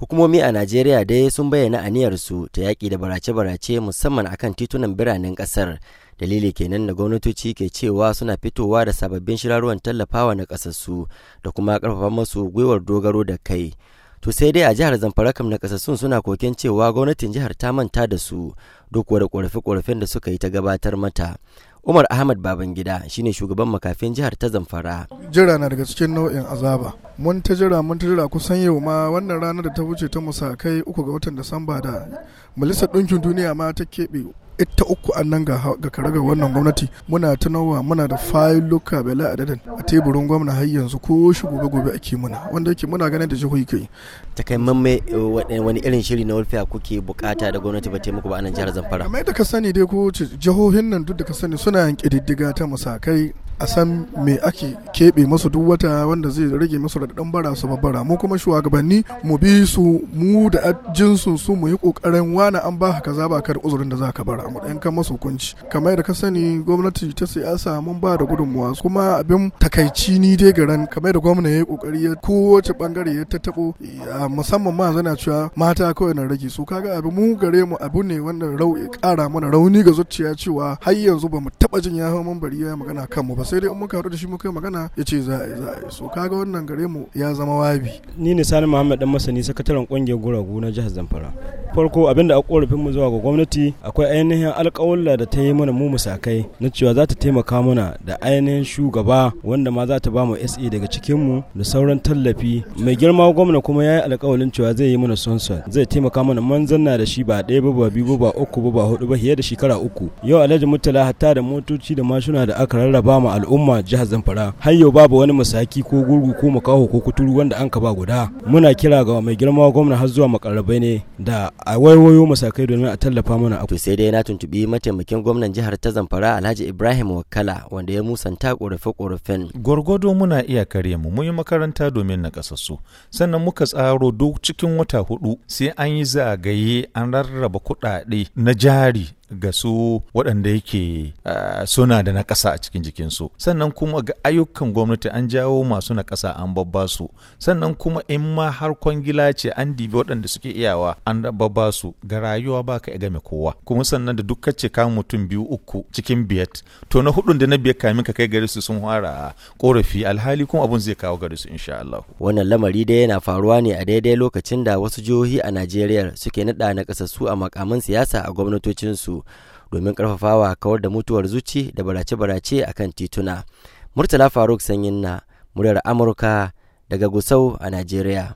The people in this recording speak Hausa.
Hukumomi a Najeriya dai sun bayyana aniyarsu ta yaƙi da barace-barace musamman akan titunan biranen ƙasar. Dalili kenan da gwamnatoci ke cewa suna fitowa da sababbin shirarruwan tallafawa na ƙasassu da kuma ƙarfafa masu gwiwar dogaro da kai. to sai dai a jihar zamfara kam na kasassun suna koken cewa gwamnatin jihar ta manta da su duk wani korafe-korafen da suka yi ta gabatar mata umar ahmad babangida shine shugaban makafin jihar ta zamfara jira na daga cikin nau'in azaba mun ta jira mun ta jira kusan yau ma wannan ranar da ta wuce ta musa kai uku ga watan disamba da majalisar ɗinkin duniya ma ta keɓe ita uku an nan ga karagar wannan gwamnati muna ta nawa muna da fayiluka bela adadin a teburin gwamna har yanzu ko shi gobe gobe ake muna wanda yake muna ganin da jihohi kai takaimamme eh, wani irin shiri na walfiya kuke bukata da gwamnati ba taimako ba a nan jihar zamfara amma da ka sani dai ko jihohin nan duk da ka sani suna yanke kididdiga ta musakai a san me ake keɓe masu duk wata wanda zai rage masu raɗaɗin bara su babbara mu kuma shugabanni mu bi su mu da jinsu su mu yi ƙoƙarin wani an ba kaza ba ka da uzurin da za ka bara mu ɗan kan masu hukunci kamar da ka sani gwamnati ta siyasa mun ba da gudunmuwa kuma abin takaici ni dai garan kamar da gwamna ya yi ƙoƙari ya kowace ɓangare ya tattaɓo musamman ma zana cewa mata kawai na rage su kaga abu mu gare mu abu ne wanda rau ƙara mana rauni ga zuciya cewa har yanzu ba mu taɓa jin ya hau mun bari ya magana kanmu ba sai dai muka haɗu da shi muka magana ya ce za a yi za a yi so kaga wannan gare mu ya zama wabi ni ne sani muhammad dan masani sakataren ƙungiyar guragu na jihar zamfara farko abinda a korafin mu zuwa ga gwamnati akwai ainihin alkawalla da ta yi mana mu musakai na cewa za ta taimaka mana da ainihin shugaba wanda ma za ta ba mu SE daga cikin mu da sauran tallafi mai girma gwamna kuma ya yi alƙawalin cewa zai yi mana sonson zai taimaka mana na da shi ba ɗaya ba ba biyu ba uku ba ba hudu ba fiye da shekara uku yau alhaji mutala hatta da motoci da mashina da aka rarraba ma al'umma jihar Zamfara har yau babu wani musaki ko gurgu ko makaho ko kuturu wanda an ka ba guda muna kira ga mai girma gwamna har zuwa makarrabai ne da a waiwayo masakai domin a tallafa mana to sai dai na tuntubi mataimakin gwamnan jihar ta zamfara alhaji ibrahim wakala wanda ya musanta korafe korafen gwargwado muna iya kare mu mun yi makaranta domin na kasassu sannan muka tsaro duk cikin wata hudu sai an yi zagaye an rarraba kuɗaɗe na jari ga su waɗanda yake suna da nakasa a cikin jikinsu sannan kuma ga ayyukan gwamnati an jawo masu nakasa an babba su sannan kuma in ma har kwangila ce an dibi waɗanda suke iyawa an babba su ga rayuwa ba ka game kowa kuma sannan da duk ce ka mutum biyu uku cikin biyat to na hudun da na biyar kamin ka kai gari su sun fara korafi alhali kuma abun zai kawo gari su insha Allah wannan lamari dai yana faruwa ne a daidai lokacin da wasu jihohi a Najeriya suke naɗa na su a makaman siyasa a gwamnatocinsu domin karfafawa kawar da mutuwar zuci da barace-barace a kan tituna murtala faruk sanyin na muryar amurka daga gusau a najeriya